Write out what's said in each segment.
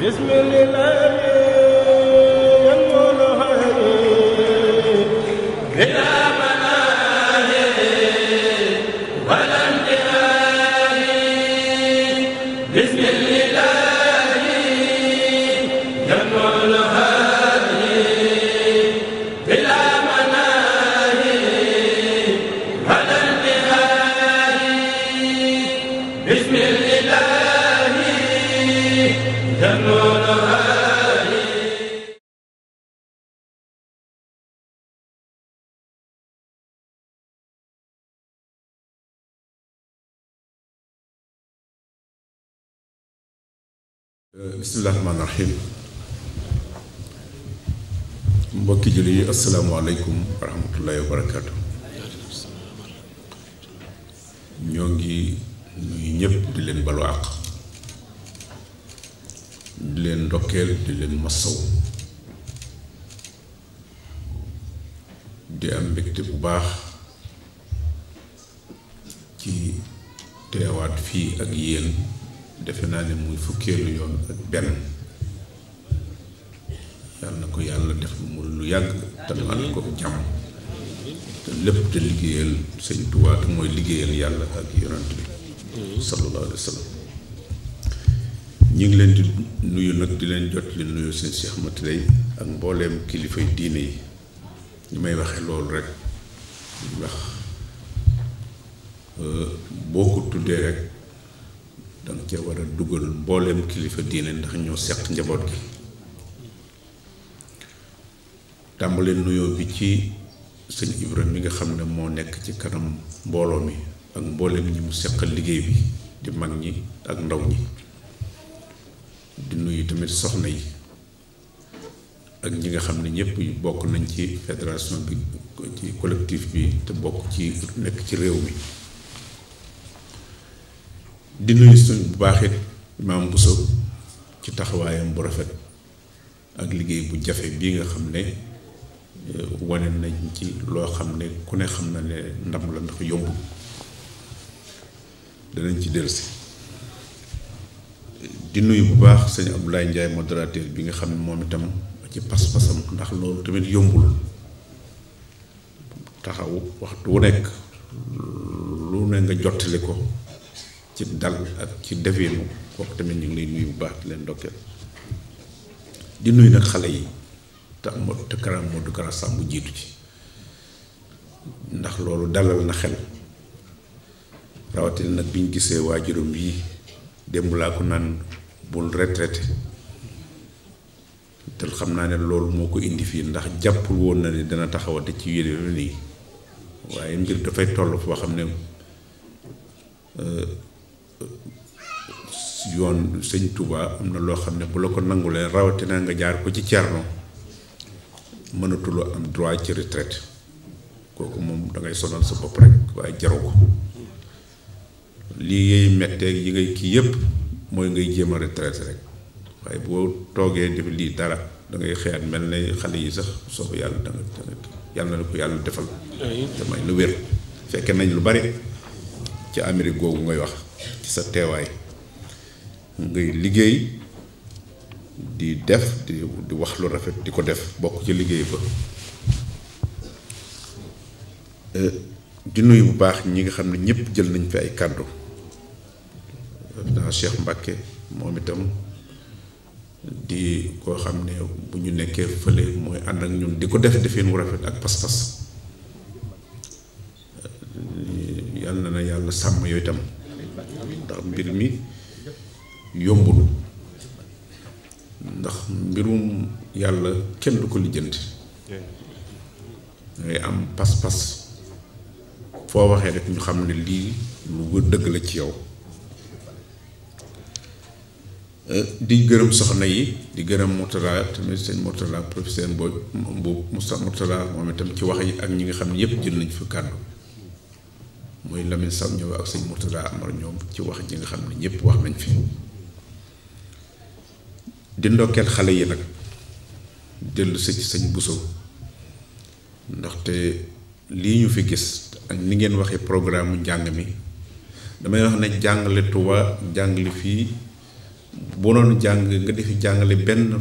bismillah bismillah rahmaani rahim mbokki julli yi asalaamaaleykum wa rahmatullahi wa ñoo ngi nuyu ñëpp di leen balu àq di leen ndokkeel di leen masaw di am mbégte bu baax ci teewaat fii ak yéen defe naa ne muy fukkeelu yoon ak benn yàlla na ko yàlla def mu lu yàgg te mu ànd ko jàmm te lépp te liggéeyal sëñ Tuubaa mooy liggéeyal yàlla ak yonent bi sallallahu alayhi ñu ngi leen di nuyu nag di leen jot li nuyu seen Seex Ahmadu Lay ak mbooleem kilifa diine yi ñu may waxee loolu rek ndax euh, boo ko tuddee rek danga cee war a dugal mbooleem kilifa diine ndax ñoo seq njaboot gi tàmbale nuyoo bi ci sëñ Ibrahima mi nga xam ne moo nekk ci kanam mbooloo mi ak mbooleem ñi mu seqal liggéey bi di mag ñi ak ndaw ñi di nuyu tamit soxna yi ak ñi nga xam ne ñëpp bokk nañ ci fédération bi ci collectif bi te bokk ci nekk ci réew mi di nuyu suñ bu baax it maam Bousso ci taxawaayam bu rafet ak liggéey bu jafe bii nga xam ne eh, wane nañ ci loo xam ne ku ne xam na ne ndam la ndax yomb danañ ci si di nuyu bu baax sëñ Abdoulaye Ndiaye modérateur bi nga xam ne moom itam ci pas-pasam ndax loolu tamit yombul taxaw waxtu wu nekk lu ne nga jottali ko ci dal ak ci defeenu kooku tamit ñu ngi lay nuyu bu baax di leen ndokkeel di nuyu nag xale yi te am te karam Modou Kara jiitu ci ndax loolu dalal na xel rawatina nag bi ñu gisee waa juróom yi démb laa ko naan bul retraité te xam naa ne loolu moo ko indi fii ndax jàppul woon na ne dana taxawate ci yeneen nii waaye mbir dafay toll foo xam ne euh, yoon sëñ tubaa am na loo xam ne bu la ko leen rawatina nga jaar ko ci Cerno mënatuloo am droit ci retraite kooku moom dangay sonal sa bopp rek waaye jaru ko lii yay mettee yi ngay kii yépp mooy ngay jéem a retraite rek waaye boo toogee def lii dara dangay xëyaat mel ne xale yi sax soobu yàlla danga yàlla na ko yàlla defal te lu wér fekke nañ lu bari ci Amérique googu ngay wax sa teewaay ngay liggéey di def di di wax lu rafet di ko def bokk ci liggéey ba euh, di nuyu bu baax ñi nga xam ne ñëpp jël nañ fi ay kàddu naa Cheikh Mbacke moom itam di koo xam ne bu ñu nekkee fële mooy ànd ak ñun di ko def defeen wu rafet ak pas-pas euh, yal na na yàlla sàmm yooyu itam ndax mbir mi yombul ndax mbirum yàlla kenn du ko lijjanti ngay am pas-pas foo waxee rek ñu xam ne lii lu dëgg la ci yow euh, di gërëm soxna yi di gërëm Mourtala tamit sëñ Mourtala professeur Mbow Mbow Moussa Mourtala moom itam ci wax yi ak ñi ngi xam ne yëpp jël nañ fa kàddu mooy Lamine Sow ñëw ak sëñ Mourtada Amar ñoom ci wax ji nga xam ne ñëpp wax nañ fi di ndokkeel xale yi nag dellu si ci sëñ Bousso ndaxte lii ñu fi gis ak ni ngeen waxee programme mu njàng mi damay wax ne jàngale Tuuba jàngale fii boo doon jàng nga defi jàngale benn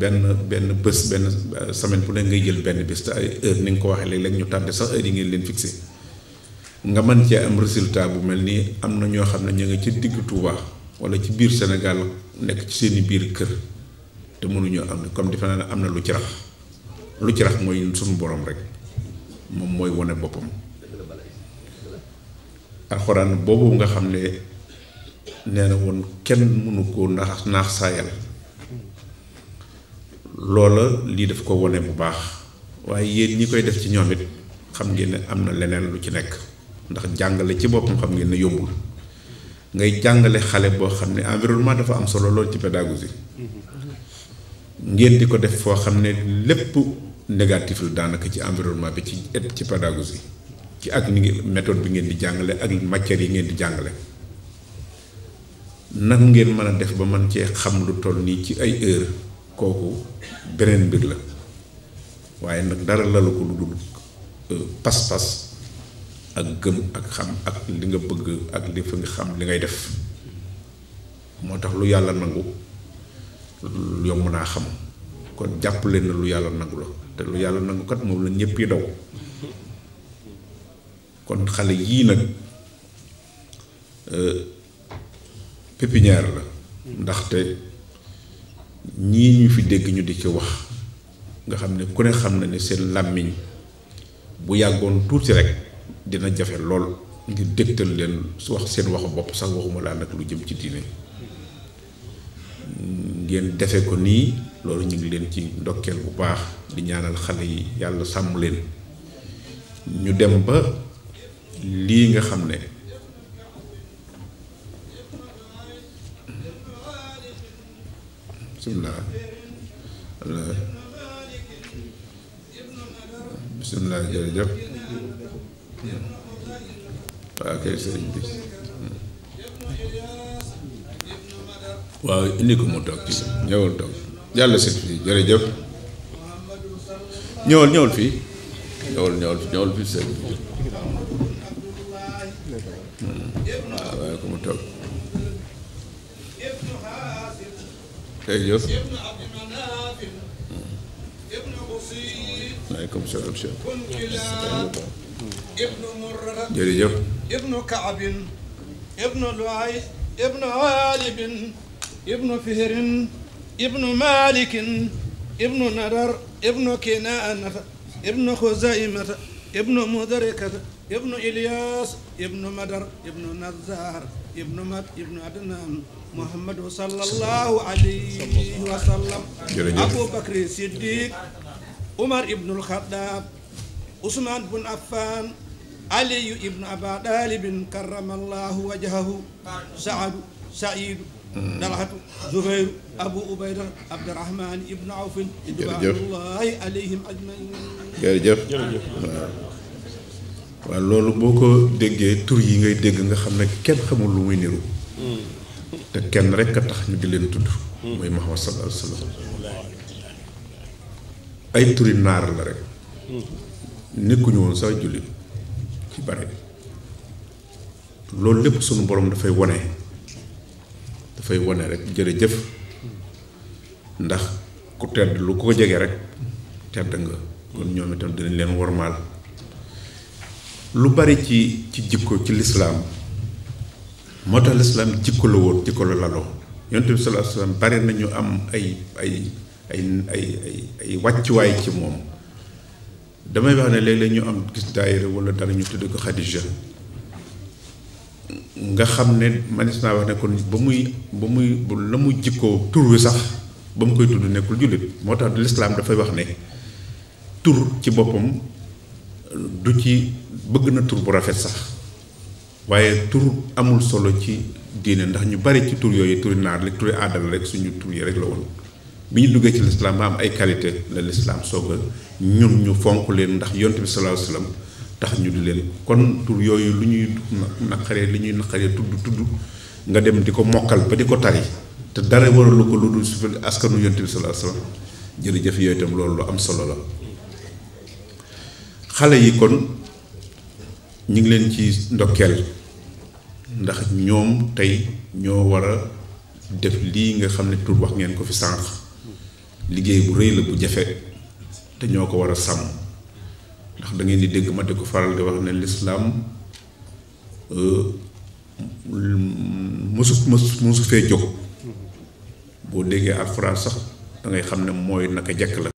benn benn bés benn semaine bu ne ngay jël benn bés te ay heure ni nga ko waxee léeg-léeg ñu tànte sax heure yi ngeen leen fixé. nga mën cee am résultat bu mel nii am na ñoo xam ne ñu ngi ci digg Touba wala ci biir senegal nekk ci seeni biir kër te mënuñoo am comme defe naa ne am na lu ci rax lu ci rax mooy suñu boroom rek moom mooy wane boppam alxuraan boobu nga xam ne nee na woon kenn mënu ko naax naax saayal loola lii daf ko wane bu baax waaye yéen ñi koy def ci ñoom it xam ngeen am na leneen lu ci nekk ndax jàngale ci boppam xam ngeen ne yombul ngay jàngale xale boo xam ne environnement dafa am solo lool ci pédagogie ngeen di ko def foo xam ne lépp négatif la daanaka ci environnement bi ci ci pédagogie ci ak ni ngi bi ngeen di jàngale ak matières yi ngeen di jàngale nan ngeen mën a def ba man cee xam lu toll nii ci ay heure kooku beneen mbir la waaye nag dara lalu ko lu dul euh, pas-pas ak gëm ak xam ak li nga bëgg ak li fi nga xam li ngay def moo tax lu yàlla nangu yomb naa xam kon jàpp leen na lu yàlla nangu la te lu yàlla nangu kat moom la ñëpp yi daw kon xale yii nag euh, pépinière la ndaxte ñii ñu fi dégg ñu di ci wax nga xam ne ku ne xam na ne seen làmmiñ bu yàggoon tuuti rek dina jafe lool ngir dégtal leen su wax seen waxu bopp sax waxuma laa nag lu jëm ci diine ngeen defe ko nii loolu ñu ngi leen ci ndokkeel bu baax di ñaanal xale yi yàlla sàmm leen ñu dem ba lii nga xam ne bismillah bismillah jërëjëf waaw kay sëriñ bi hmm. waaw indi ko mu toog ci ñëwal toog jàll si fii jërëjëf ñëwal ñëwal fii ñëwal ñëwal fii ñëwal bi hmm. waaw waaye ko mu toog jërëjëf maaleykum hmm. salaam jërëjëf ibnu kaabin ibnu luay ibnu haalibin ibnu fihrin ibnu malikin ibnu nadar ibnu kinaanata ibnu xuzaimata ibnu mudarikata ibnu ilyas ibnu madar ibnu nazar ibnu mat ibnu adnan muhammadu sallallahu alayhi wa sallam abu bakri siddiq umar ibnu alxataab usmaan bun affan علي بن أبا طالب كرم الله وجهه سعد سعيد طلحة زبير أبو عبيدة عبد الرحمن بن عوف رضوان الله عليهم waaw loolu boo ko déggee tur yi ngay dégg nga xam ne kenn xamul lu muy niru hmm. te kenn rek a tax ñu di leen tudd mooy Muhammad sallallahu ay turi naar la rek hmm. nekkuñu woon sax jullit ci bare loolu lépp sunu borom dafay wone dafay wone rek jërëjëf ndax ku tedd lu ko jege rek tedd nga kon ñoom itam dinañ leen wormaal lu bari ci ci jikko ci lislaam moo tax lislaam jikko la woon jikko la laloo yonent bi sallallahu alayhi wasallam bari nañu am ay ay ay ay ay ay wàccuwaay ci moom damay wax ne léeg-léeg ñu am gis daayira wala dara ñu tudd ko Xadija nga xam ne manis naa wax ne kon ba muy ba muy la mu jikkoo tur wi sax ba mu koy tudd nekkul jullit moo tax lislaam dafay wax ne tur ci boppam du ci bëgg na tur bu rafet sax waaye tur amul solo ci diine ndax ñu bari ci tur yooyu turi naar rek turi aadal rek suñu tur yi rek la woon bi ñu duggee ci lislaam ba am ay qualité la lislaam soog a ñun ñu fonk leen ndax yonte bi sallallahu alayhi wasallam tax ñu di leen kon tur yooyu lu ñuy naqaree li ñuy naqaree tudd tudd nga dem di ko mokkal ba di ko tari te dara waralu ko lu dul su fi askanu yonte bi sallallahu alayhi wasallam jërëjëf yooyu itam loolu lu am solo la xale yi kon ñu ngi leen ci ndokkeel ndax ñoom tey ñoo war a def lii nga xam ne tur wax ngeen ko fi sànq liggéey bu rëy la bu jafe te ñoo ko war a sàmm ndax da ngeen di dégg ma di ko faral di wax ne lislaam euh, mësu mësu mësu fee jóg boo déggee alxuraan sax da xam ne mooy naka jekk la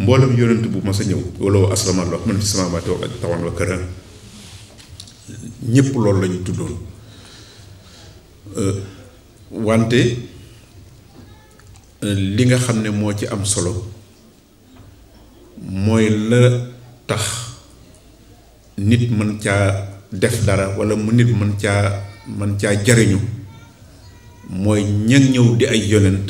mboolem yonent bu mas a ñëw wala aslama loo xam ne fi samaawaati wa tawan wa këran ñépp loolu lañu tuddoon euh, wante li nga xam ne moo ci am solo mooy la tax nit mën caa def dara wala mu nit mën caa man caa jariñu mooy ña ñëw di ay yonent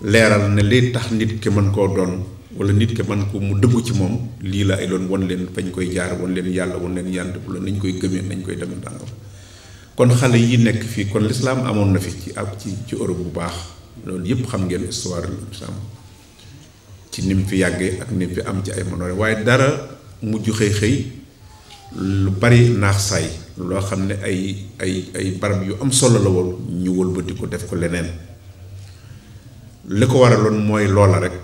leeral ne li tax nit ki man koo doon wala nit ki man ko mu dëggu ci moom lii la ay doon woon leen fañ koy jaar wan leen yàlla woon leen yànd bu la nañ koy gëmee nañ koy demee kon xale yi nekk fii kon lislaam amoon na fi ci ab ci ci Europe bu baax loolu yëpp xam ngeen histoire l'islam ci ni fi yàggee ak ni mu fi am ci ay monoore waaye dara mujj xëy xëy lu bari naax saay loo xam ne ay ay ay barab yu am solo la woon ñu wëlbati ko def ko leneen li ko waraloon mooy loola rek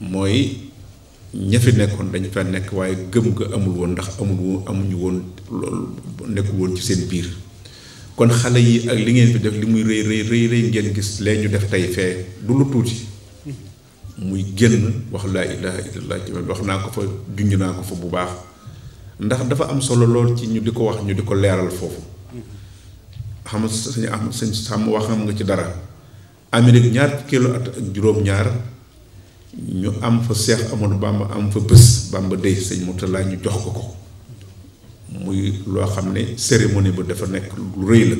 mooy ña nekkoon dañu fa nekk waaye gëm nga amul woon ndax amul woon amuñu woon nekkul woon ci seen biir. kon xale yi ak li ngeen bi def li muy rëy rëy rëy rëy ngeen gis lee ñu def tey fee du lu tuuti muy génn wax laa ilaha illallah ci wax naa ko fa junj naa ko fa bu baax ndax dafa am solo lool ci ñu di ko wax ñu di ko leeral foofu xam nga sañ am sañ sàmm wax xam nga ci dara Amérique ñaar kilo at ak juróom-ñaar ñu am fa Seex Amadou Bamba am fa bés Bamba dey sëñ Mourtala ñu jox ko ko muy loo xam ne cérémonie ba dafa nekk lu rëy la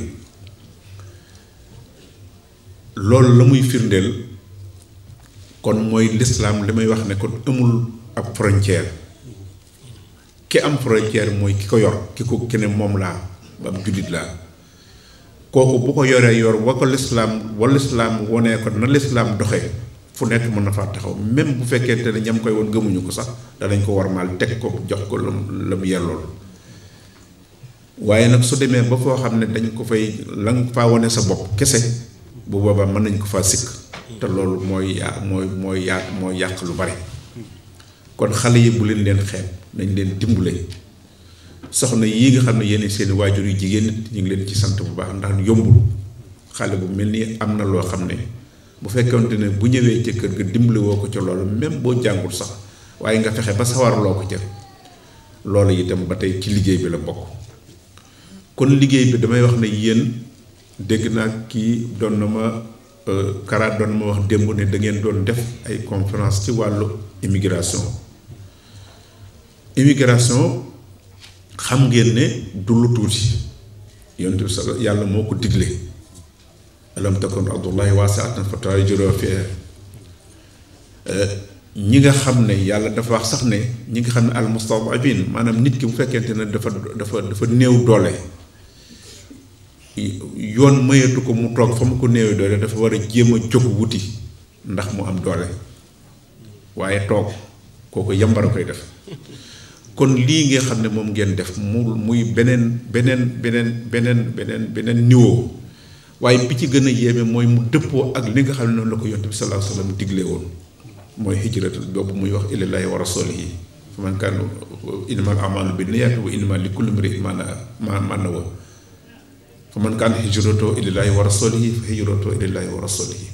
loolu la muy firndeel kon mooy lislaam li may wax ne kon amul ab frontière ki am frontière mooy ki ko yor ki ko kene moom laa ba am jullit laa kooku bu ko yoree yor wa ko lislaam wa lislaam wonee ko na lislaam doxee fu nekk mën na faa taxaw même bu fekkee te ne ñam koy woon gëmuñu ko sax danañ ko war warmaal teg ko jox ko la mu yellool waaye nag su demee ba foo xam ne dañ ko fay lan nga faa wane sa bopp kese bu boobaa mën nañ ko faa sikk te loolu mooy yaa mooy mooy yaa mooy yàq lu bare kon xale yi leen leen xeeb nañ leen dimbale soxna yii nga xam ne yéen seen waajur yu jigéen ñu ngi leen ci sant bu baax ndax yombul xale bu mel ni am na loo xam ne bu fekkante ne bu ñëwee ca kër ga ko ca loolu même boo jàngul sax waaye nga fexe ba sawarloo ko ca loolu itam ba tey ci liggéey bi la bokk kon liggéey bi damay wax na yéen dégg naa kii doon na ma euh, karaat doon na ma wax démb ne da ngeen doon def ay conférence ci wàllu immigration immigration xam ngeen ne du tuuti yonent bi sa yàlla moo ko digle alam takon abdullahi waasiatan fa tuhaajiruu fiihaa euh, ñi nga xam ne yàlla dafa wax sax ne ñi nga xam ne al mustad'afiin maanaam nit ki bu fekkente ne dafa dafa dafa néew doole yoon mayatu ko mu toog fa mu ko néewee doole dafa war a jéem a jóg wuti ndax mu am doole waaye toog kooku yambara koy def kon lii nga xam ne moom ngeen def mu muy beneen beneen beneen beneen beneen beneen niveau waaye bi ci gën a yéeme mooy mu dëppoo ak li nga xam ne noonu la ko yonent bi sallallahu alayhi wasallam digle woon mooy hijratul boobu muy wax ilallaahi war a fa man kaan innamal amalu bi niyyati wa innamaa li kulli imri'in maa nawaa fa man kaana hijratuhu ilallaahi wa rasuulihi fa hijratuhu ilallaahi wa rasuulihi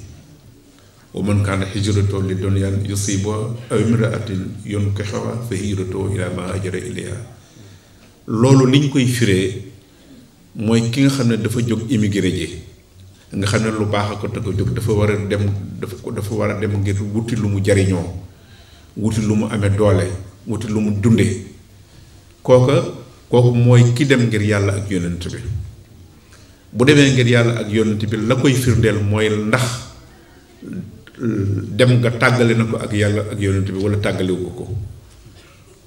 wa man kaana hijratuhu li dunyaan yusiibuhaa aw imra'atin yankihuhaa fa hijratuhu ilaa maa haajara ilayhaa loolu liñ koy firee mooy ki nga xam ne dafa jóg immigré ji nga xam ne lu baax a ko te ko jóg dafa war a dem dafa dafa war a dem ngir wuti lu mu jariñoo wuti lu mu amee doole wuti lu mu dunde kooka kooku mooy ki dem ngir yàlla ak yonent bi bu demee ngir yàlla ak yonent bi la koy firndeel mooy ndax dem nga tàggale na ko ak yàlla ak yonent bi wala tàggalewu ko ko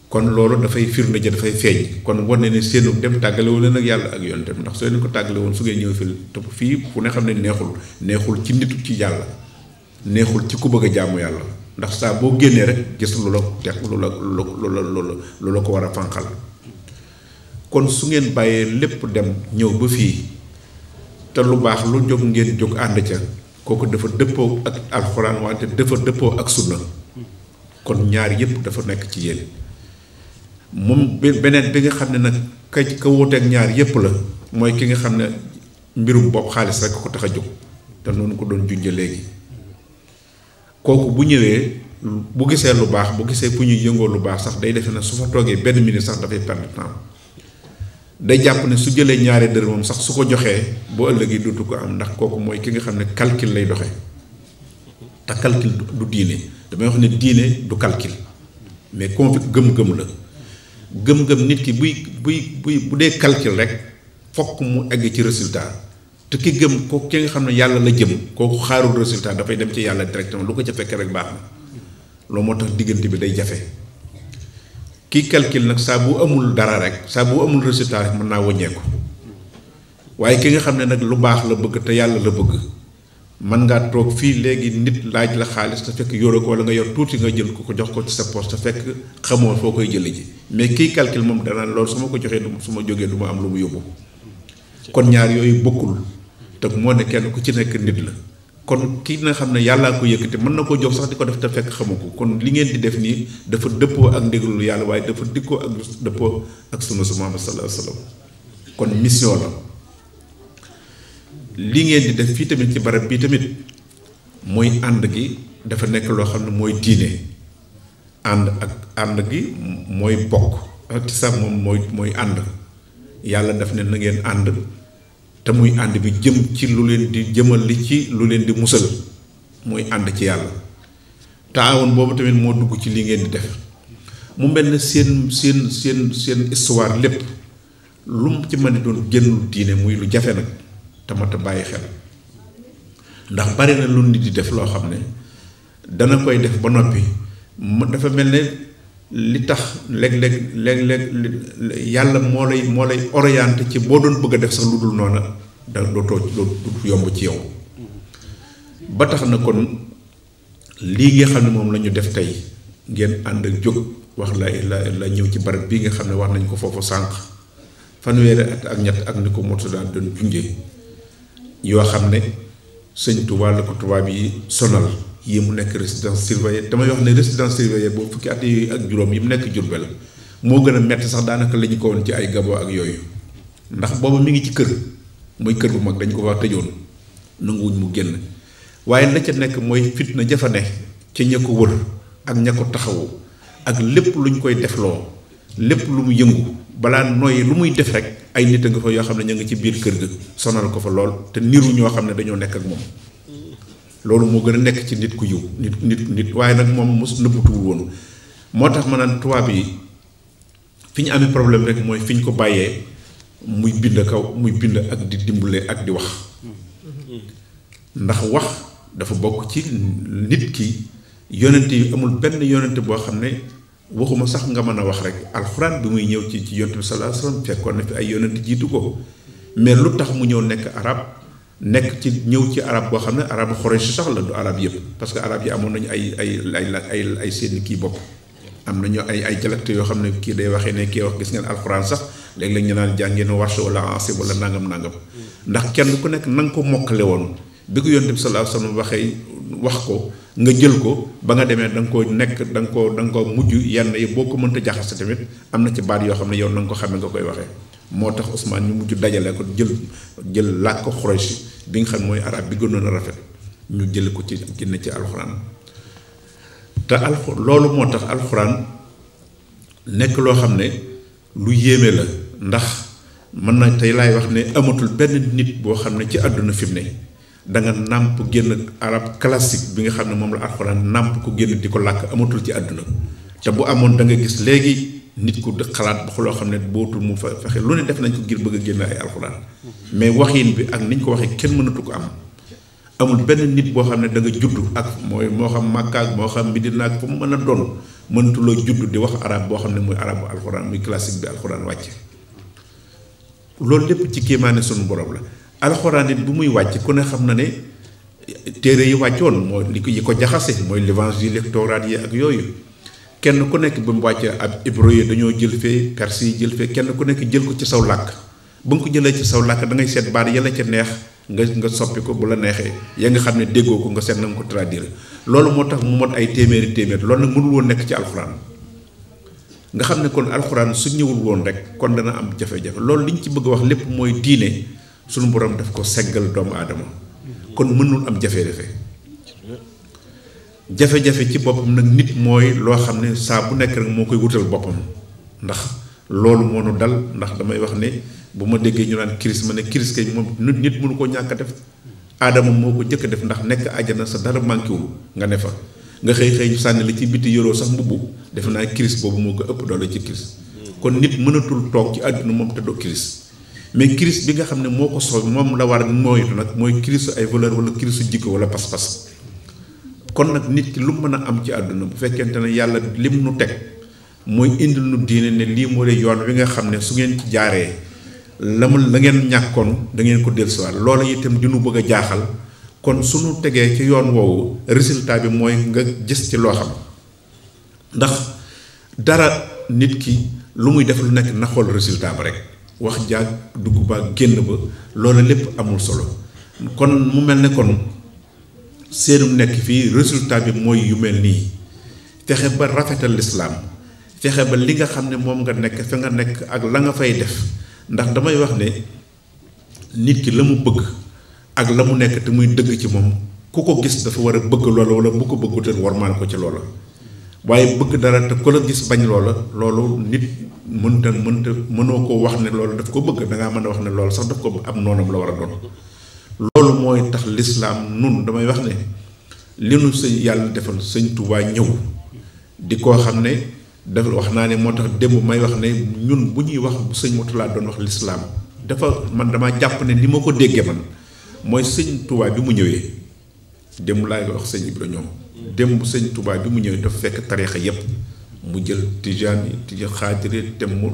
kon loolu dafay firnde ja dafay feeñ kon wane ne seenu dem tàggalewu leen ak yàlla ak yonent bi ndax soo leen ko tàggalewoon woon su ngeen ñëw fii topp fii fu ne xam ne neexul neexul ci nit ci yàlla neexul ci ku bëgg jàmm yàlla la ndax saa boo génnee rek gis lu la tex lu la lu la lu la ko war a fànqal kon su ngeen bàyyee lépp dem ñëw ba fii te lu baax lu jóg ngeen jóg ànd ca kooku dafa dëppoo ak alxuraan wante dafa dëppoo ak sunna kon ñaar yëpp dafa nekk ci yéen moom beneen bi nga xam ne nag ka ka wuuteeg ñaar yëpp la mooy ki nga xam ne mbirum bopp xaalis rek ko tax a jóg te noonu ko doon junje léegi kooku bu ñëwee bu gisee lu baax bu gisee fu ñuy yëngoo lu baax sax day defe ne su fa toogee benn minute sax dafay perdre temps day jàpp ne su jëlee ñaari dërëmam sax su ko joxee boo ëllëgee dootu ko am ndax kooku mooy ki nga xam ne calcul lay doxee te calcul du diine damay wax ne diine du calcul mais confi gëm-gëm la gëm-gëm nit ki buy buy buy bu dee calcul rek fokk mu egg ci résultat te ki gëm kooku ki nga xam ne yàlla la jëm kooku xaarul résultat dafay dem ci yàlla directement lu ko ca fekk rek baax na loolu moo tax diggante bi day jafe. kii calcul nag saa bu amul dara rek saa bu amul résultat rek mën naa wàññeeku waaye ki nga xam ne nag lu baax la bëgg te yàlla la bëgg mën ngaa toog fii léegi nit laaj la xaalis te fekk yore ko wala nga yor tuuti nga jël ko ko jox ko ci sa poche te fekk xamoo foo koy jële ji mais kii calcul moom dana loolu su ma ko joxee du su ma jógee du ma am lu mu yóbbu kon ñaar yooyu bokkul te moo ne kenn ku ci nekk nit la kon ki nga xam ne yàllaa ko te mën na koo jox sax di ko def te fekk xamu ko kon li ngeen di def nii dafa dëppoo ak ndigalu yàlla waaye dafa dikkoo ak dëppoo ak sunu su Muhammad sallallahu alayhi wa sallam kon mission la ngeen di def fii tamit ci barab bii tamit mooy ànd gi dafa nekk loo xam ne mooy diine ànd ak ànd gi mooy bokk ci sax moom mooy mooy ànd yàlla daf ne na ngeen ànd te muy ànd bi jëm ci lu leen di jëmal li ci lu leen di musal muy ànd ci yàlla taawoon boobu tamit moo dugg ci li ngeen di def mu mel ne seen seen seen seen histoire lépp lu mu ci mën a doon génnul diine muy lu jafe nag te mat a bàyyi xel ndax bari na lu nit di def loo xam ne dana koy def ba noppi dafa mel ne li tax léeg-léeg léeg yàlla moo lay moo lay orienté ci boo doon bëgg a def sax lu dul noona da dootoo dootu yomb ci yow ba tax na kon lii nga xam ne moom lañu def tey ngeen ànd ak jóg wax la la la ñëw ci barab bii nga xam ne wax nañ ko foofu sànq fanweeri at ak ñett ak ni ko moto daan doon junjee yoo xam ne sëñ Tuubaa la ko tubaab yi sonal yi mu nekk résidence surveillée damay wax ne résidence surveillée boobu fukki at yi ak juróom yi mu nekk Jurbel la moo gën a metti sax daanaka la ñu ko woon ci ay gaboo ak yooyu ndax booba mi ngi ci kër mooy kër bu mag dañ ko fa tëjoon nanguwuñ mu génn waaye la ca nekk mooy fitna jafa ne ca ña ak ña ko ak lépp lu koy defloo lépp lu mu yëngu balaa nooy lu muy def rek ay nit a nga fa yoo xam ne ñu ngi ci biir kër ga sonal ko fa lool te niru ñoo xam ne dañoo nekk ak moom loolu moo gën a nekk ci nit ku yiw nit nit nit waaye nag moom mos nëbbatuwul woonu moo tax ma naan tuwaab yi fi ñu amee problème rek mooy fi ñu ko bàyyee muy bind kaw muy bind ak di dimbale ak di wax ndax wax dafa bokk ci nit ki yonent yi amul benn yonent boo xam ne waxuma sax nga mën a wax rek alxuraan bi muy ñëw ci ci yonent bi sallallahu alayhi fekkoon na fi ay yonent jiitu ko mais lu tax mu ñëw nekk arab nekk ci ñëw ci arab boo xam ne arabu Quraysh sax la du arab yëpp parce que arab yi amoon nañu ay ay ay ay ay seen kii bopp am nañu ay ay dialecte yoo xam ne kii day waxee ne kii wax gis ngeen alxuraan sax léeg-léeg ñu naan jàngeen warsh wala ansib wala nangam nangam ndax kenn ku nekk na nga ko mokkale woon bi ko yonent bi sallallahu alayhi waxee wax ko nga jël ko ba nga demee danga nga koo nekk da nga danga ko nga koo mujj yenn yi boo ko mënta sa tamit am na ci baat yoo xam ne yow na nga ko xamee nga koy waxee moo tax Ousmane ñu mujj dajale ko jël jël làkk ko Xuraysh bi nga xam mooy arab bi gënoon a rafet ñu jële ko ci génne ci alxuraan te alxu loolu moo tax alxuraan nekk loo xam ne lu yéeme la ndax mën na tey laay wax ne amatul benn nit boo xam ne ci àdduna fi mu ne da nga nàmp génn arab classique bi nga xam ne moom la alxuraan nàmp ko génn di ko làkk amatul ci àdduna te bu amoon da gis léegi nit ku xalaat ba loo xam ne bootu mu fa fexe lu ne def nañ ko ngir bëgg a génne ay alxuraan mais waxin bi ak niñ ko waxee kenn mënatu ko am amul benn nit boo xam ne danga nga ak mooy moo xam Makka moo xam Medina ak fu mu mën a doon mënatuloo judd di wax arab boo xam ne muy arabu alxuraan muy classique bi alxuraan wàcce loolu lépp ci kéemaane sunu borom la alxuraan it bu muy wàcc ku ne xam na ne téere yi wàccoon mooy li ko yi ko jaxase mooy l'évangile lectoral yi ak yooyu. kenn ku nekk ba mu wàccee ab ibro yi dañoo jël fee perse yi jël fee kenn ku nekk jël ko ci saw làkk ba nga ko jëlee ci saw làkk da ngay seet baat yàlla ca neex nga nga soppi ko bu la neexee yaa nga xam ne déggoo ko nga seet na nga ko traduire loolu moo tax mu mot ay téeméeri téeméer loolu nag mënul woon nekk ci alxuraan nga xam ne kon alxuraan su ñëwul woon rek kon dana am jafe-jafe loolu liñ ci bëgg a wax lépp mooy diine suñu borom daf ko seggal doomu aadama kon mënul am jafe jafe-jafe ci boppam nag nit mooy loo xam ne saa bu nekk moo koy wutal boppam ndax loolu moo nu dal ndax damay wax ne bu ma déggee ñu naan crise ma ne crise kay moom nit nit mënu ko ñàkk a def aadama moo ko jëkk def ndax nekk àjjana sa dara manqué wu nga ne nga xëy xëy ñu sànni la ci biti yoroo sax mbubb defe naa crise boobu moo ko ëpp doole ci crise kon nit mënatul toog ci àdduna moom te doo crise mais crise bi nga xam ne moo ko sooy moom la war mooy nag mooy crise ay valeur wala crise su jikko wala pas-pas kon nag nit ki lu mu mën a am ci àdduna bu fekkente ne yàlla lim nu teg mooy indil nu diine ne lii moo dee yoon wi nga xam ne su ngeen ci jaaree la mu la ngeen ñàkkoon da ngeen ko dellusiwaat loola itam di nu bëgg jaaxal kon suñu tegee ci yoon woowu résultat bi mooy nga gis ci loo xam ndax dara nit ki lu muy def lu nekk na xool résultat ba rek wax jaag dugg ba génn ba loola lépp amul solo kon mu mel ne kon seenum nekk fii résultat bi mooy yu mel nii fexe ba rafetal lislaam fexe ba li nga xam ne moom nga nekk fa nga nekk ak la nga fay def ndax damay wax ne nit ki la mu bëgg ak la mu nekk te muy dëgg ci moom ku ko gis dafa war a bëgg loola wala bu ko bëggutoon warmaal ko ci loola waaye bëgg dara te ku la gis bañ loola loolu nit mënta mënta mënoo ko wax ne loolu daf ko bëgg da ngaa mën a wax ne loolu sax daf ko am noonam la war a doon loolu mooy tax lislaam nun damay wax ne li nu sëñ yàlla defal sëñ Tuubaa ñëw di koo xam ne dafa wax naa ne moo tax démb may wax ne ñun bu ñuy wax bu sëñ Murtala doon wax lislaam dafa man dama jàpp ne li ma ko dégge man mooy sëñ Tuubaa bi mu ñëwee démb laay wax sëñ Ibra ñoom démb sëñ Tuubaa bi mu ñëwee dafa fekk tariixa yépp mu jël tijaan yi tijaan xaadiri te mu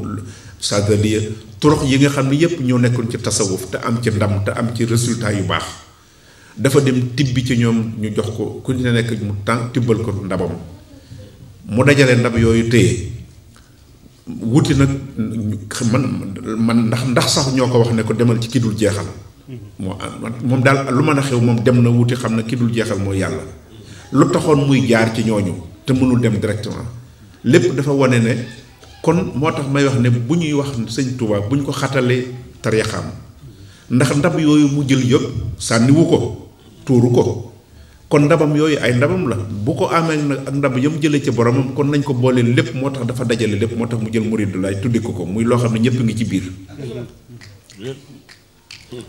sadaliya turux yi nga xam ne yépp ñoo nekkoon ci tasawuf te am ci ndam te am ci résultat yu baax dafa dem tibbi ci ñoom ñu jox ko ku ne nekk mu tàn tibbal ko ndabam mu dajale ndab yooyu téye wuti nag man man ndax ndax sax ñoo ko wax ne ko demal ci ki dul jeexal moo moom daal lu mën a xew moom dem na wuti xam ne ki dul jeexal mooy yàlla lu taxoon muy jaar ci ñooñu te mënul dem directement lépp dafa wane ne kon moo tax may wax ne bu ñuy wax sëñ tubaab bu ñu ko xatalee tarixam ndax ndab yooyu mu jël yëpp sànniwu ko tuuru ko kon ndabam yooyu ay ndabam la bu ko amee ak ndab yam jëlee ci boromam kon nañ ko boole lépp moo tax dafa dajale lépp moo tax mu jël muridu laay tuddi ko ko muy loo xam ne ñëpp ngi ci biir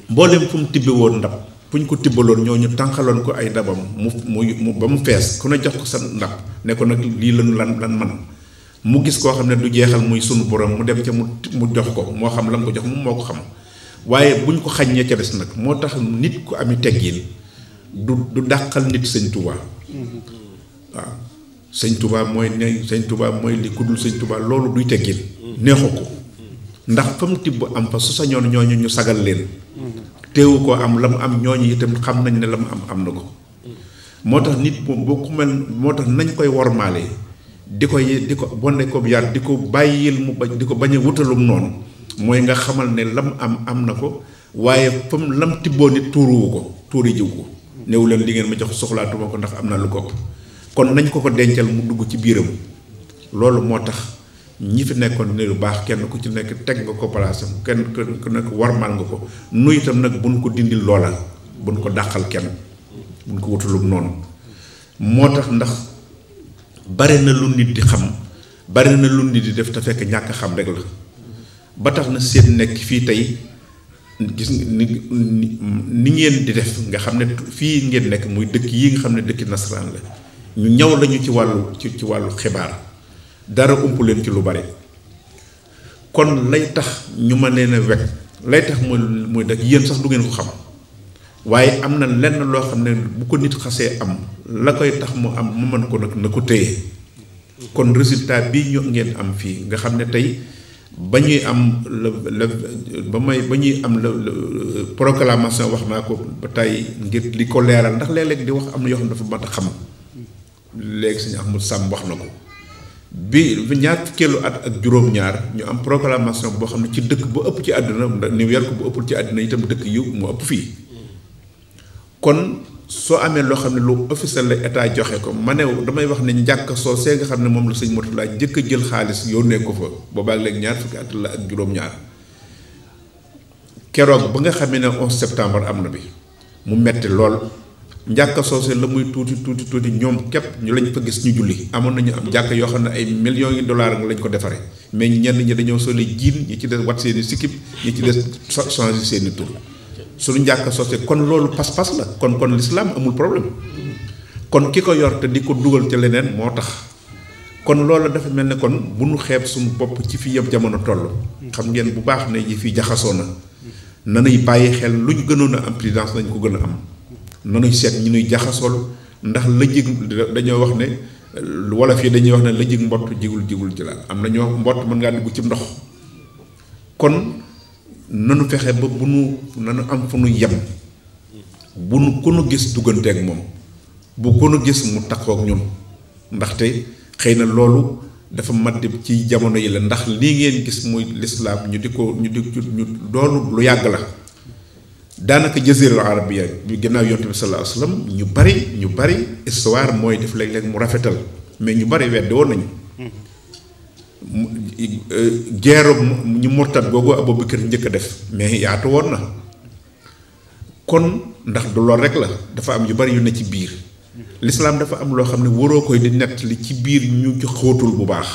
mbooleem fu mu tibbi woon ndab fu ñu ko tibbaloon ñoo ñu tànqaloon ko ay ndabam mu mu ba mu fees ku ne jox ko sa ndab ne ko nag lii lañu lan lan man mu gis koo xam ne du jeexal muy sunu borom mu dem ca mu mu jox ko moo xam la mu ko jox moom moo ko xam waaye bu ñu ko xaññee ca des nag moo tax nit ku ami teggin du du dàqal nit sëñ Tuubaa waaw sëñ Tuubaa mooy ne sëñ mooy li ku dul loolu duy teggin neexu ko ndax fa mu tibb am fa su sañoon ñooñu ñu sagal leen teewu koo la am ñooñu itam xam nañ ne la am am na ko tax nit moom boo ku mel moo tax nañ koy wormaalee di ko y di ko ko comme yar di ko bàyyil mu bañ di ko bañ a wutalum noonu mooy nga xamal ne lam am am na ko waaye fam lam tibboon it tuuruwu ko tuuri jiw ko newu leen li ngeen ma jox soxlaatuma ko ndax am na lu ko kon nañ ko ko dencal mu dugg ci biiram loolu moo tax ñi fi nekkoon ne lu baax kenn ku ci nekk teg nga ko palaasam kenn ku nekk warmal nga ko nu itam nag buñ ko dindil loola buñ ko dàqal kenn buñ ko wutalum noonu moo tax bare na lu nit di xam bare na lu nit di def te fekk ñàkk xam rek la ba tax na seen nekk fii tey gis ni ni ngeen di def nga xam ne fii ngeen nekk muy dëkk yi nga xam ne dëkki nasaraan la ñu ñaw lañu ci wàllu ci ci wàllu xibaar dara ump leen ci lu bare kon lay tax ñu mën leen a wekk lay tax mooy mooy dak yéen sax du ngeen ko xam waaye am na lenn loo xam ne bu ko nit xasee am la koy tax mu am mu mën ko nag na ko téye kon résultat bii ñu ngeen am fii nga xam ne tey ba ñuy am la ba may ba ñuy am la proclamation wax naa ko ba tey ngir li ko leeral ndax léeg-léeg di wax am na yoo xam ne dafa mat a xam léegi suñu Ahmad Sàmm wax na ko bi ñaar fukkeelu at ak juróom-ñaar ñu am proclamation boo xam ne ci dëkk bu ëpp ci àdduna ni weer ko bu ëppul ci àdduna itam dëkk yu mu ëpp fii kon soo amee loo xam ne lu officiel la état joxe ko ma ne damay wax ne njàkk soo see nga xam ne moom la sëñ Mourtala jëkk a jël xaalis yónnee ko fa boobaag léegi ñaar fukki at la ak juróom keroog ba nga xamee ne 11 septembre am na bi mu metti lool njàkk soose la muy tuuti tuuti tuuti ñoom képp ñu lañ fa gis ñu julli amoon nañu am jàkk yoo xam ne ay millions yi dollars lañ ko defaree mais ñenn ñi dañoo soli jiin ñi ci des wat seeni sikip ñi ci des changer seeni tur suñu njàkk sosé kon loolu pas-pas la kon kon l'islam amul problème kon ki ko yor te di ko dugal ca leneen moo tax kon loolu dafa mel ne kon bu nu xeeb suñu bopp ci fi yëpp jamono toll. xam ngeen bu baax ne yi fi jaxasoo na. nanuy bàyyi xel lu ñu gënoon a am prudence nañ ko gën a am. nanuy seet ñu nuy jaxasool ndax la jig dañoo wax ne wolof yi dañuy wax ne la jig mbott jigul jigul jëlaat am na ñoo mbott mën ngaa dugg ci ndox kon. nanu fexe ba bu nu nanu am fu nu yem bu nu ko gis duggante ak moom bu ko gis mu taxook ñun ndaxte xëy na loolu dafa mat ci jamono yi la ndax lii ngeen gis muy lislaam ñu di ko ñu di ñu doolu lu yàgg la daanaka jazirul arabia bi gannaaw yonte bi sallallahu alayhi wasallam ñu bari ñu bari histoire mooy def léeg-léeg mu rafetal mais ñu bari weddi woon nañu geeru ñu murtat googu Abubakar njëkk a def mais yaatu woon na kon ndax du lool rek la dafa am yu bari yu ne ci biir lislaam dafa am loo xam ne waroo koy di nett li ci biir ñu ci xóotul bu baax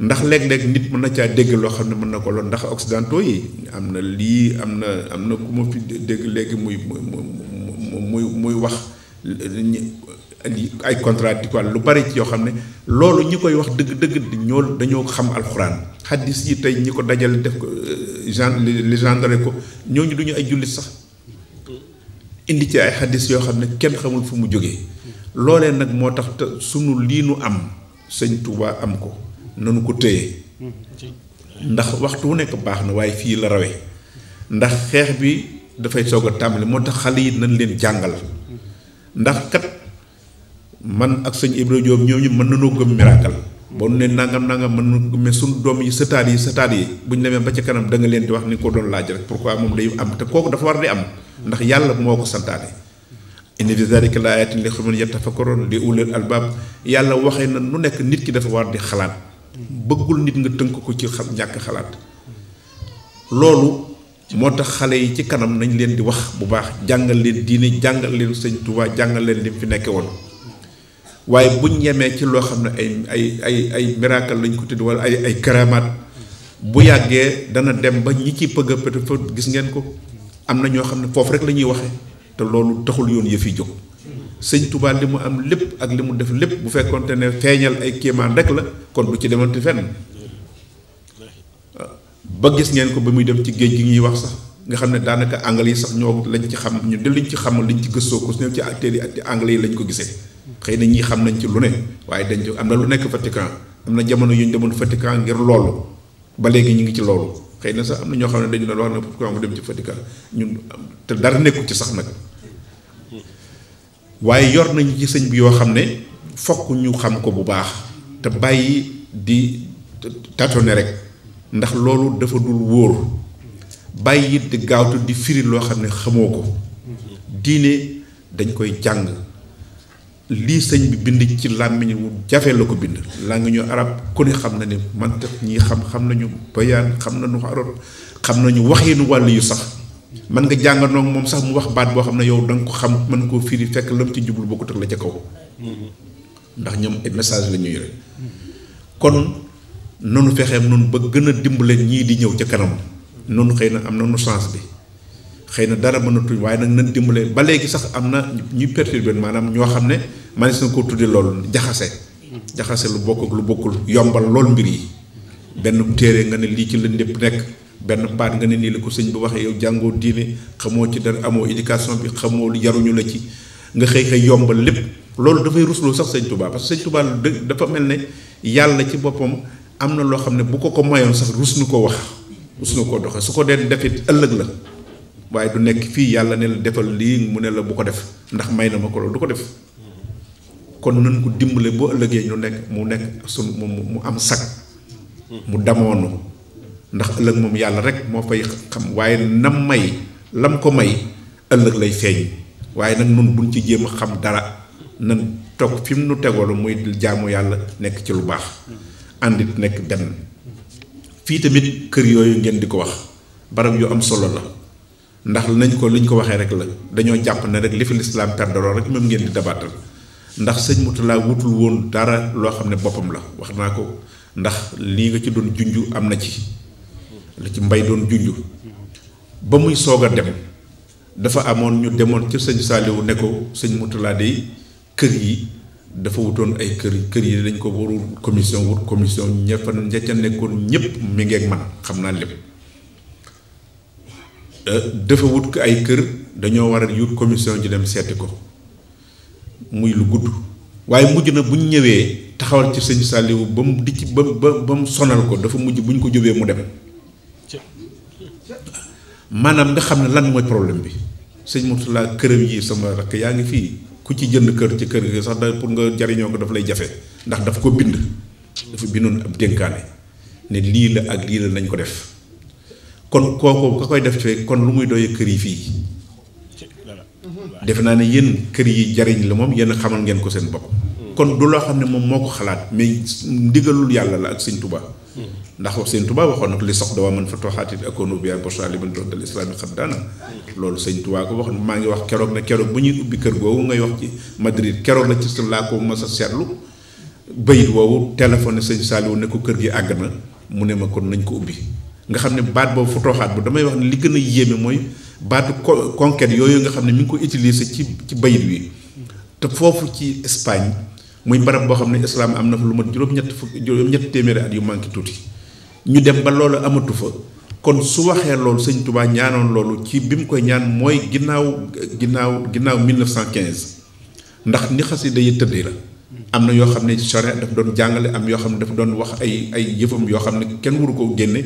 ndax léeg lekk nit mën na caa dégg loo xam ne mën na ko lool ndax occidentaux yi am na lii am na am na ku ma fi dégg léegi muy muy muy muy wax indi ay contradictoire lu bari yoo xam ne loolu ñi koy wax dëgg dëgg ñoo dañoo xam alxuraan xaddis yi tey ñi ko dajale def ko euh, gen légendaire ko ñooñu duñu ay jullit sax indi ci ay xaddis yoo xam ne kenn xamul fu mu jógee loolee nag moo tax te lii nu am sëñ Tuubaa am ko nanu ko téye ndax waxtu wu nekk baax na waaye fii la rawee ndax xeex bi dafay soog a tàmbali moo tax xale yi nañ leen jàngal ndax kat man ak sëñ Ibra Diop ñoom ñu mën nañoo gëm miracle boo nu ne nangam nangam mën nañu ko mais suñu doom yi sëtaat yi sëtaat yi bu demee ba ca kanam da leen di wax ni ko doon laaj rek pourquoi moom day am te kooku dafa war di am ndax yàlla moo ko santaane inna fi zalika la ayatin li qawmin yatafakkarun li ulil albab yàlla waxee na nu nekk nit ki dafa war di xalaat bëggul nit nga tënk ko ci xam ñàkk xalaat loolu moo tax xale yi ci kanam nañu leen di wax bu baax jàngal leen diine jàngal leen sëñ Tuubaa jàngal fi nekke woon waaye buñ yemee ci loo xam ne ay ay ay ay miracle lañ ko tudd wala ay ay karamaat bu yàggee dana dem ba ñi ci pëgg peut gis ngeen ko am na ñoo xam ne foofu rek la ñuy waxee te loolu taxul yoon yëf yi jóg sëñ Touba li mu am lépp ak li mu def lépp bu fekkoonte ne feeñal ay kéemaan rek la kon du ci demante fenn ba gis ngeen ko ba muy dem ci géej gi ñuy wax sax nga xam ne daanaka anglais yi sax ñoo lañ ci xam ñu de liñ ci xam liñ ci gëstoo ko ci acteurs yi ak anglais yi lañ ko gisee. xëy na ñii xam nañ ci lu ne waaye dañ am na lu nekk fatikan am na jamono yu ñu demoon Vatican ngir loolu ba léegi ñu ngi ci loolu xëy na sax am na ñoo xam ne dañu doon wax ne pourquoi mu dem ci dara nekku ci sax nag waaye yor nañu ci sëñ bi yoo xam ne fokk xam ko bu baax te bàyyi di tâtonner rek ndax loolu dafa dul wóor bàyyi it di gaawtu di firi loo xam ne xamoo ko diine dañ koy jàng lii sëñ bi bind ci làmmiñ wu jafe la ko bind làmmiñu arab ku xam na ne mantat ñii xam xam nañu bayaan xam na nañu arab xam na nañu waxiinu wàll yu sax man nga jàngandoo moom sax mu wax baat boo xam ne yow danga ko xam mën koo firi fekk lam ci jublu ko teg la ca kaw ndax ñoom ay message lañuy rek yore kon noonu fexeem noonu ba gën a dimbale ñii di ñëw ca kanam noonu xëy na am nañu chance bi xëy na dara mënatuñ waaye nag nañ dimbale ba léegi sax am na ñuy perturbé maanaam ñoo xam ne manis na koo tudde loolu jaxase jaxase lu bokk ak lu bokkul yombal loolu mbir yi benn téere nga ne lii ci la lépp nekk benn paat nga ne nii la ko sëñ bu waxee yow jàngoo diine xamoo ci dara amoo éducation bi xamoo yaruñu la ci nga xëy xëy yombal lépp loolu dafay rusloo sax sëñ Touba parce que sëñ Touba dafa mel ne yàlla ci boppam am na loo xam ne bu ko ko mayoon sax rus nu wax rus nu doxee su ko dee defit ëllëg la waaye du nekk fii yàlla ne la defal lii mu ne la bu ko def ndax may na ma ko loolu du ko def kon nañ ko dimbale boo ëllëgee ñu nekk mu nekk sunu mu am sag mu damoonu ndax ëllëg moom yàlla rek moo fay xam waaye nam may lam ko may ëllëg lay feeñ waaye nag nun buñ ci jéem a xam dara nan toog fi mu nu tegoolu muy jaamu yàlla nekk ci lu baax àndit nekk benn fii tamit kër yooyu ngeen di ko wax barab yu am solo la ndax nañ ko liñ ko waxee rek la dañoo jàpp ne rek li fi lislaam perdaloo rek moom ngeen di dabaatal ndax sëñ Moutalla wutul woon dara loo xam ne boppam la wax naa ko ndax lii nga ci doon junju am na ci la ci mbay doon junju ba muy soog a dem dafa amoon ñu demoon ci sëñ Saaliwu ne ko sëñ Moutalla de kër yi dafa wutoon ay kër kër yi dañ ko warul commission wut commission ña fa ña ca nekkoon ñëpp mi ngeeg man xam naa lépp. Euh, dafa wut ay kër dañoo war a yut commission ju dem seeti ko muy lu gudd waaye mujj na bu ñu ñëwee taxawal ci sëñ Saliou ba mu di ci ba ba mu sonal ko dafa mujj bu ñu ko jógee mu dem maanaam nga xam ne lan mooy problème bi sëñ Mourtala këram yi sama rakk yaa ngi fii ku ci jënd kër ci kër gi sax da pour nga jariñoo ko daf lay jafe ndax daf ko bind dafa bindoon ab dénkaane ne lii la ak lii la nañ ko def kon kooku ka koy def ci kon lu muy doyee kër yi fii defe naa ne yéen kër yi jariñ la moom yéen xamal ngeen ko seen bopp kon du loo xam ne moom moo ko xalaat mais ndigalul yàlla la ak sëñ ndax wax sëñ waxoon nag li sox dawaa man fa tooxaatit akoonu bi bosa li man dox dal islaami xat daana loolu sëñ Tuubaa ko maa ngi wax keroog na keroog bu ñuy ubbi kër googu ngay wax ci Madrid keroog la ci sa laa mas a seetlu bayit woowu téléphone sëñ Saliou ne ko kër gi àgg na mu ne ma kon nañ ko ubbi nga xam ne baat boobu fotooxaat bu damay wax ne li gën a yéeme mooy baatu co conquête yooyu nga xam ne mi ngi ko utiliser ci ci bayit wi te foofu ci Espagne muy barab boo xam ne islam am na fa lu ma juróom-ñett fukk juróom-ñett téeméeri at yu manqué tuuti ñu dem ba loolu amatu fa kon su waxee loolu sëñ Touba ñaanoon loolu ci bi mu koy ñaan mooy ginnaaw ginnaaw cent 1915 ndax ni xasida yi tëddee la. am na yoo xam ne charia dafa doon jàngale am yoo xam ne dafa doon wax ay ay yëfam yoo xam ne kenn waru koo génne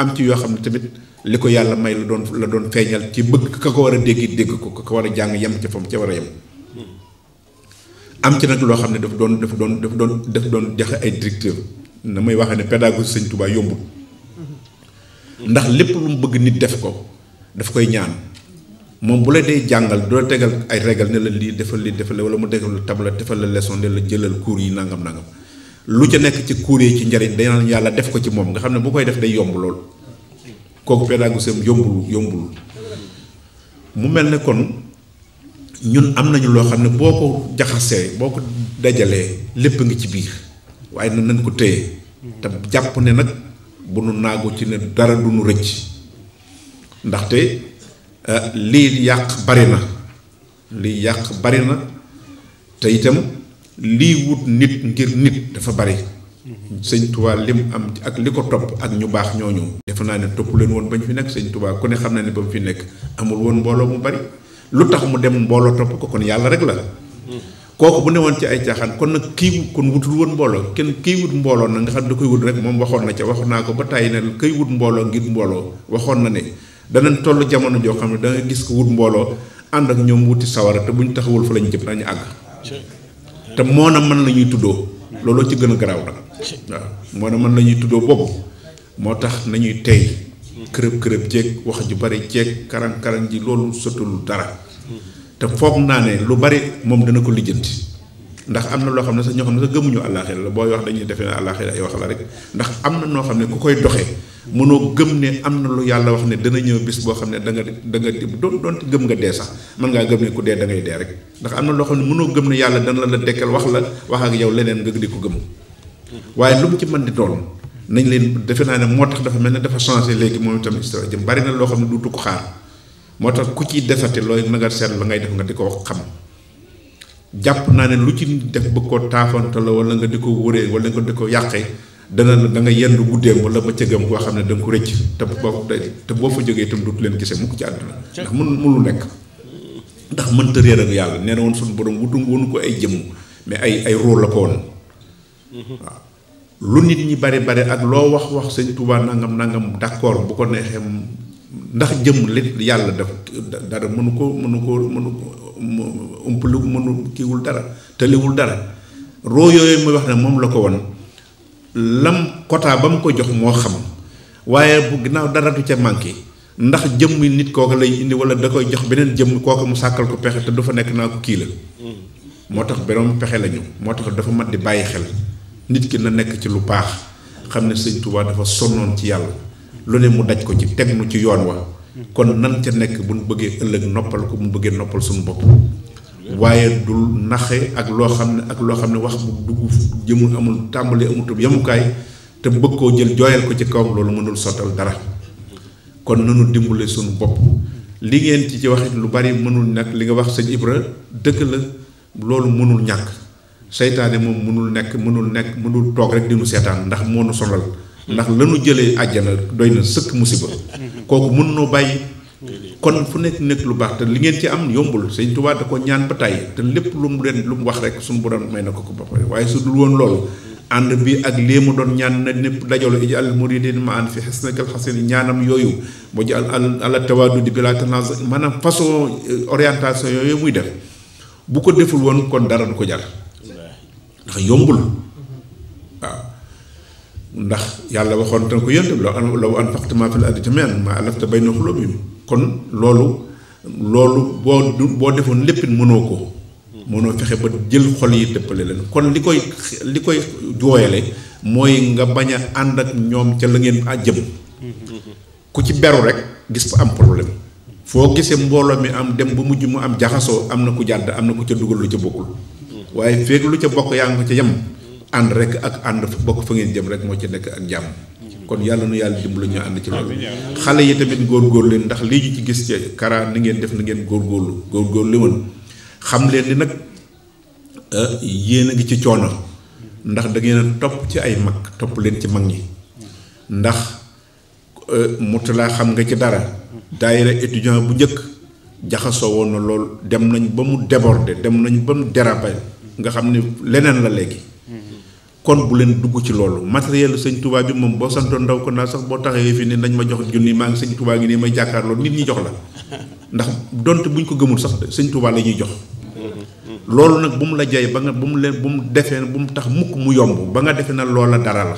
am ci yoo xam ne tamit li ko yàlla may la doon la doon feeñal ci bëgg ka ko war a dégg dégg ko ka ko war a jàng yem ca fam ca war a yem hmm. am ci nag loo xam ne dafa doon dafa doon dafa doon dafa doon joxe ay directeur na may waxee ne pédagogie sëñ Tuubaa yombul hmm. ndax lépp lu mu bëgg nit def ko daf koy ñaan moom bu la dee jàngal du la tegal ay régal ne la lii defal lii defal wala mu defal la tabla defal la leçon ne la jëlal cours yi nangam nangam lu ca nekk ci cours yi ci njariñ day yàlla def ko ci moom nga xam ne bu koy def day yomb lool kooku pédagogie am yombul mu mel ne kon ñun am nañu loo xam ne boo ko jaxasee boo ko dajalee lépp ngi ci biir waaye na nañ ko téye te jàpp ne nag bu nu naagoo ci ne dara du nu rëcc ndaxte Euh, lii yàq bari na lii yàq bari na te itam lii wut nit ngir nit dafa bari sëñ Tuubaa lim am ak li ko topp ak ñu baax ñooñu. defe naa ne topp leen woon bañ fi nekk sëñ Tuubaa ko ne xam na ne ba mu fi nekk amul woon mbooloo mu bari lu tax mu dem mbooloo topp ko kon yàlla rek la. kooku bu newoon ci ay caaxaan kon nag kii kon wutul woon mbooloo kenn kii wut mbooloo nag nga xam da koy rek moom waxoon na ca waxoon naa ko ba tàyyi na kay wut mbooloo ngir mbooloo waxoon na ne danañ tollu jamono joo xam ne da gis ko wut mbooloo ànd ak ñoom wuti sawara te bu ñu taxawul fa la ñu jëm dañu àgg te moo na mën la ñuy tuddoo looloo ci gën a garaaw nag waaw moo na ñuy tuddoo boobu moo tax nañuy tey kërëb kërëb jeeg wax ju bari jeeg karang karang ji loolu sotalu dara te foog naa ne lu bari moom dana ko lijjanti ndax am na loo xam ne sa ñoo xam ne sax gëmuñu àllaaxira la booy wax dañuy defee ne àllaaxira ay wax la rek ndax am na noo xam ne ku koy doxee mënoo gëm ne am na lu yàlla wax ne dana ñëw bis boo xam ne danga nga da nga doon doonte gëm nga dee sax mën ngaa gëm ne ku dee da ngay dee rek ndax am na loo xam ne mënoo gëm ne yàlla dana la la dekkal wax la wax ak yow leneen nga di ko gëm waaye lu mu ci mën di doon nañ leen defe naa ne moo tax dafa mel ne dafa changé léegi moom itam histoire jëm bari na loo xam ne du du ko xaar moo tax ku ciy defate looy naga nga seet la ngay def nga di ko wax xam jàpp naa ne lu ci def bëgg koo taafantaloo wala nga di ko wëree wala nga di ko yàqee dana la da nga yendu guddeem wala bëccëgam koo xam ne da nga ko rëcc te boo te boo fa jógee itam dootu leen gise mukk ci àdduna ndax mën mënul nekk ndax mënta réer yàlla nee na woon suñu borom wutum woonu ko ay jëm mais ay ay rôle la ko woon waaw lu bari bari loo wax wax sëñ Tuubaa nangam nangam d'accord bu ko neexee ndax jëmm li yàlla daf dara mënu ko mënu ko mënu umpalu mënu kiiwul dara tëliwul dara rôle yooyu muy wax ne moom la ko woon lam quota ba mu ko jox moo xam waaye bu ginnaaw dara du ca manqué ndax jëmm nit kooku lay indi wala da koy jox beneen jëmm kooku mu sàkkal ko pexe te du fa nekk naa ko kii la moo tax beneen pexe la ñu moo tax dafa mat di bàyyi xel nit ki na nekk ci lu baax xam ne sëñ Tuubaa dafa sonnoon ci yàlla lu ne mu daj ko ci teg nu ci yoon wa kon nan ca nekk bu nu bëggee ëllëg noppal ko bu nu bëggee noppal suñu bopp waaye du naxe ak loo xam ne ak loo xam ne wax bu dugg jëmul amul tàmbali amutub yemukaay te bëgg koo jël jooyal ko ci kaw loolu mënul sottal dara kon nanu dimbule suñu bopp li ngeen ci ci waxit lu bari mënul nag li nga wax sëñ Ibra dëkk la loolu mënul ñàkk seytaane moom mënul nekk mënul nekk mënul toog rek di nu seetaan ndax moo nu sonal ndax lanu jëlee àjjana doy na sëkk musiba kooku mën noo bàyyi kon fu nekk nekk lu baax te li ngeen ci am yombul sëñ Tuubaa da ko ñaan ba tàyyi te lépp lu mu leen lu mu wax rek suñu borom may na ko ko ba pare waaye su dul woon loolu ànd bi ak lii mu doon ñaan na népp dajalu ij al muridin ma an fi xesnakal xasin ñaanam yooyu bo ji al al ala tawadudi bi la tanaz maanaam façon euh, orientation yooyu muy def bu ko deful woon kon dara du ko jar ndax yombul waaw ndax yàlla waxoon tan ko yëntam la law anfaqta maa fil ardi jamii'an maa allafta bayna quluubihim kon loolu loolu boo du boo defoon léppit mënoo ko mënoo fexe ba jël xol yi dëppale leen kon li koy li koy jooyale mooy nga bañ a ànd ak ñoom ca la ngeen ah, jëm ku ci beru rek gis fa am problème foo gisee mbooloo mi am dem ba mujj mu am jaxasoo am na ku jàdd am na ku ca dugal lu ca bokkul waaye feeg lu ca bokk yaa ngi ko ca yem ànd rek ak ànd bokk fa ngeen jëm rek moo ci nekk ak jàmm kon yàlla nu yàlla dimbali ñu ànd ci loolu xale yi tamit góor leen ndax lii ñu ci gis ci karaar ni ngeen def na ngeen góorgóorlu góorgóor li woon xam leen ni nag ah, yéen a ngi ci coono ndax da ngeen topp ci ay mag topp leen ci mag ñi ndax eh, Mourtalla xam nga ci dara daayira étudiant bu njëkk jaxasoo woon na lool dem nañ ba mu déborder dem nañ ba mu déraper nga xam ni leneen la léegi kon bu leen dugg ci loolu matériel sëñ tubaab bi moom boo santoon ndaw ko naa sax boo taxawee fii ne nañ ma jox junni maa ngi sëñ Touba ngi nii may jàkkaarloo nit ñi jox la ndax donte buñ ko gëmul sax sëñ Touba la ñuy jox. loolu nag bu mu la jay ba nga bu mu leen bu mu defee bu mu tax mukk mu yomb ba nga defee na loola dara la.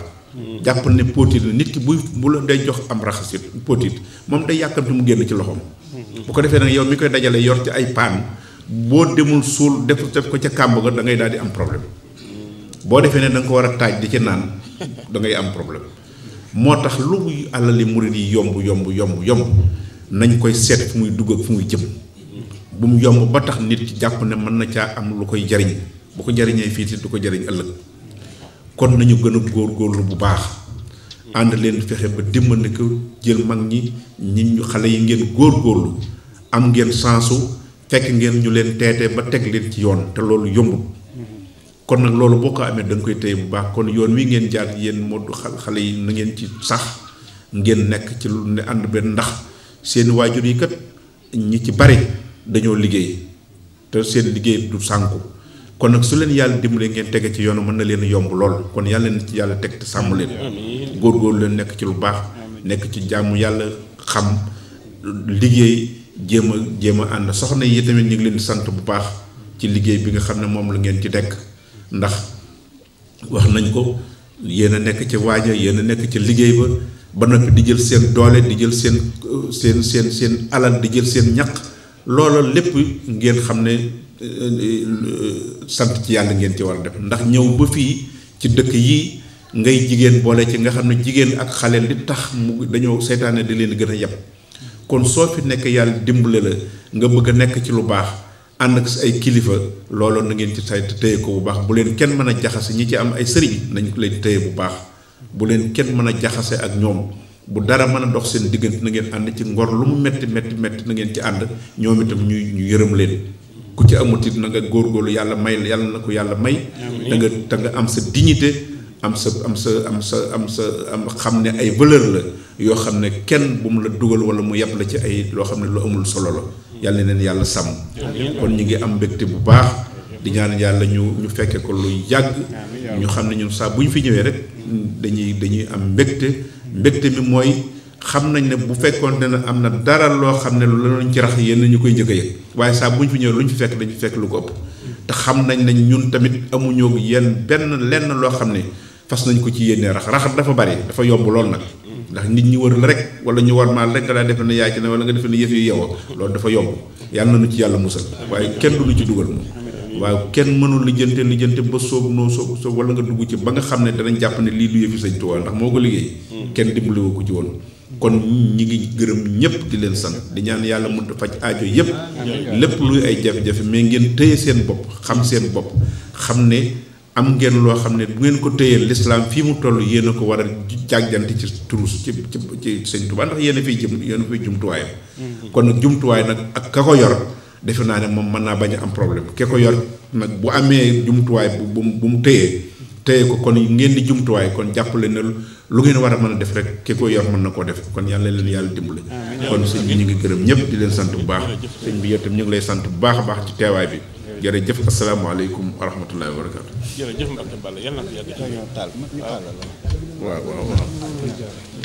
jàpp ne potit nit ki buy bu la day jox am raxasit potit moom day yàkkamti mu génn ci loxoom. bu ko defee nag yow mi koy dajale yor ci ay paan boo demul suul def def ko ca kàmb ga da ngay daal di am problème. boo defee ne danga ko war a taaj di ci naan da ngay am problème moo tax lu muy àlali murit yi yomb yomb yomb yomb nañ koy seet fu muy dugg fu muy jëm bu mu yomb ba tax nit ci jàpp ne mën na caa am lu koy jariñ bu ko jariñee fii si du ko jariñ ëllëg kon nañu gën a góorlu bu baax ànd leen fexe ba dimbali ko jël mag ñi ñi xale yi ngeen góor góorlu am ngeen sansu fekk ngeen ñu leen teete ba teg leen ci yoon te loolu yombut kon nag loolu boo ko amee da koy téye bu baax kon yoon wi ngeen jaar yéen moo xale yi na ngeen ci sax ngeen nekk ci lu ne ànd benn ndax seen waajur yi kat ñi ci bari dañoo liggéey te seen liggéey du sànku kon nag su leen yàlla dimbalee ngeen tege ci yoonu mën na leen yomb lool kon yàlla na ci yàlla teg te sàmm leen góorgóorlu leen nekk ci lu baax nekk ci jàmm yàlla xam liggéey jéem a jéem a ànd soxna yi tamit ñu leen di sant bu baax ci liggéey bi nga xam ne moom la ngeen ci dekk ndax wax nañ ko yéen a nekk ca waaja yéen a nekk ca liggéey ba ba noppi di jël seen doole di jël seen seen seen seen alal di jël seen ñaq loola lépp ngeen xam ne euh, sant ci yàlla ngeen ci war def ndax ñëw ba fii ci dëkk yii ngay jigéen boole ci nga xam ne jigéen ak xale li tax mu dañoo seytaane di leen gën a yab kon soo fi nekk yàlla dimbale la nga bëgg a nekk ci lu baax ànd ak ay kilifa looloo na ngeen ci say téye ko bu baax bu leen kenn mën a jaxase ñi ci am ay sëriñ nañ ko leen téye bu baax bu leen kenn mën a jaxase ak ñoom bu dara mën a dox seen diggante na ngeen ànd ci ngor lu mu metti metti metti na ngeen ci ànd ñoom itam ñuy ñu yërëm leen ku ci amut it na nga góorgóorlu yàlla may la yàlla na ko yàlla may da nga da nga am sa dignité am sa am sa am sa am sa am xam ne ay valeur la yoo xam ne kenn bu mu la dugal wala mu yàpp la ci ay loo xam ne lu amul solo la yàlla na leen yàlla sàmm kon ñu ngi am mbégte bu baax di ñaan yàlla ñu ñu fekke ko lu ñu xam ne ñun saa bu ñu fi ñëwee rek dañuy dañuy am mbégte mbégte mi mooy xam nañ ne bu fekkoon ne am na dara loo xam ne lu lañ ci rax yéen ñu koy njëkk a waaye saa bu ñu fi ñëwee lu ñu fi fekk dañu fekk lu ko ëpp te xam nañ ne ñun tamit amuñoo yenn benn lenn loo xam ne fas nañ ko ci yéene rax rax dafa bari dafa yomb loolu nag ndax nit ñi wër la rek wala ñu war maal rek nga daa defe ne yaay ci na wala nga defe ne yëf yi yow loolu dafa yomb yàlla na nu ci yàlla musal waaye kenn du lu ci dugal moom waaye kenn mënul lijjante lijjante ba soob noo soob soob wala nga dugg ci ba nga xam ne danañ jàpp ne lii du yëfi Sëñ Tuubaa ndax moo ko liggéey kenn dimbali ko ci woon kon ñi ngi gërëm ñëpp di leen sant di ñaan yàlla mu faj aajo yëpp lépp luy ay jafe-jafe mais ngeen téye seen bopp xam seen bopp xam ne am ngeen loo xam ne bu ngeen ko téyee lislaam fii mu toll yéen a ko war a jàggante ci turus ci ci ci sëñ Tuubaa ndax yéen a fiy jëm yéen a fiy mm-hmm. kon nag jumtuwaay nag ak ka ko defe naa ne moom mën naa bañ am problème ke nag bu amee jumtuwaay bu bu bu mu téyee téye ko kon ngeen di jumtuwaay kon jàppale ne lu ngeen war a mën a def rek ki ko yor mën na koo def kon yàlla leen yàlla dimbale kon sëñ bi ñu ngi gërëm ñëpp di leen sant bu baax sëñ bi yow tam ñu ngi lay sant bu baax a baax ci teewaay bi jërëjëf asalaamaaleykum wa rahmatullahi wa barakaatu. jërëjëf Mbacke Balla yal na ko yàgg. waaw waaw waaw.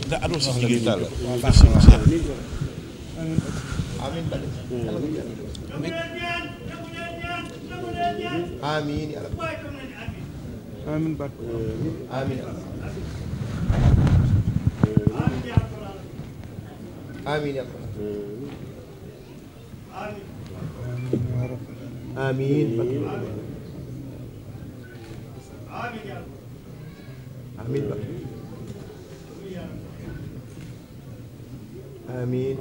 nga àddoo si jigéen ñi amiin amiin amiin amiin آمين آمين بقى. آمين آمين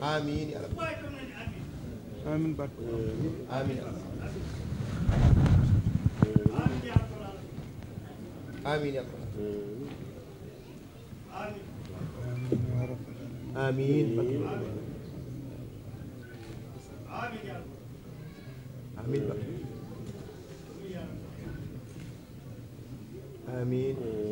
آمين يا رب آمين بقى. آمين آمين يا رب آمين آمين آمين آمين